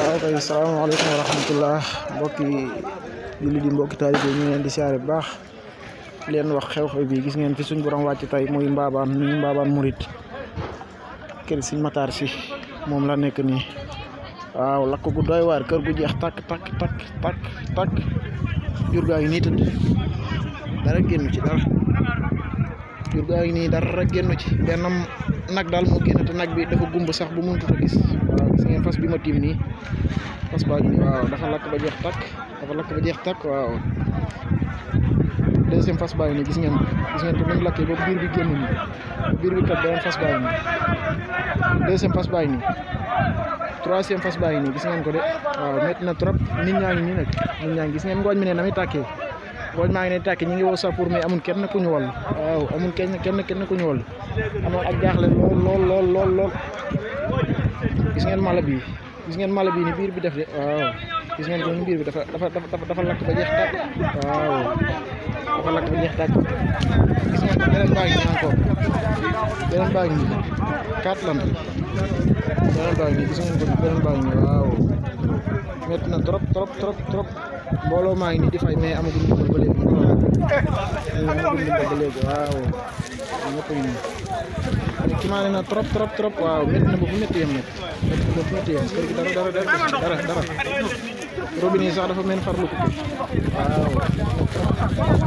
waaw kay salaamaaleykum wa rahmatullah mbokki jullit yi mbokki taalibe yi ñu ngi di siyaare bu baax leen wax xew-xew bi gis ngeen fi suñ borom wàcc tay muy mbaabaan muy mbaabaan murit kër siñ mataar si moom la nekk nii waaw lakk gu doy waar kër gu jeex takk takk takk takk jur gaa ngi nii tëdd dara génn ci dara jur gaay ni nii dara gennu ci benam nak dal mo génn te nak bi dafa gumbu sax bu muntu a gis waaw gis ngeen fas bi ma tiim nii fas baa ni waaw dafa lak ba jeex tak dafa lak ba jeex tak waaw deuxième fas baa ni gis ngeen gis ngeen ko ni lakke lakkee ba biir bi génn ni bir bi kat beneen fas baa ni deuxième fas baa ni troisième fas baa ni gis ngeen ko de waaw métti na trop nit ñaangi ni nak nit ñaangi gis ngeen ngoñ mi ne na takke booñ maa ngi ne tàkk ñu ngi woo sapeur mais amul kenn ku ñu wàllu waaw amul kenn kenn kenn ku ñu wàllu amoon ak jaaxle lool lool lool lool gis ngeen mala bi gis ngeen mala bii ni biir bi def de waaw gis ngeen ko ni biir bi dafa dafa dafa lakk ba jeex tàkk waaw dafa lakk ba jeex tàkk gis ngeen beneen baa ngi encore beneen baa ngi nii quatre lan beneen baa ngi gis ngeen ko beneen baa ngi waaw métti na trop trop trop trop mbooloo maa ngi nii di fay mais amaguñ ba léegi eh, ba léegi waaw ñëpp na trop trop trop waaw métti na fu métti yem nag métti fu métti yem kër gi dara dara dara dara sax dafa mel farlu ko waaw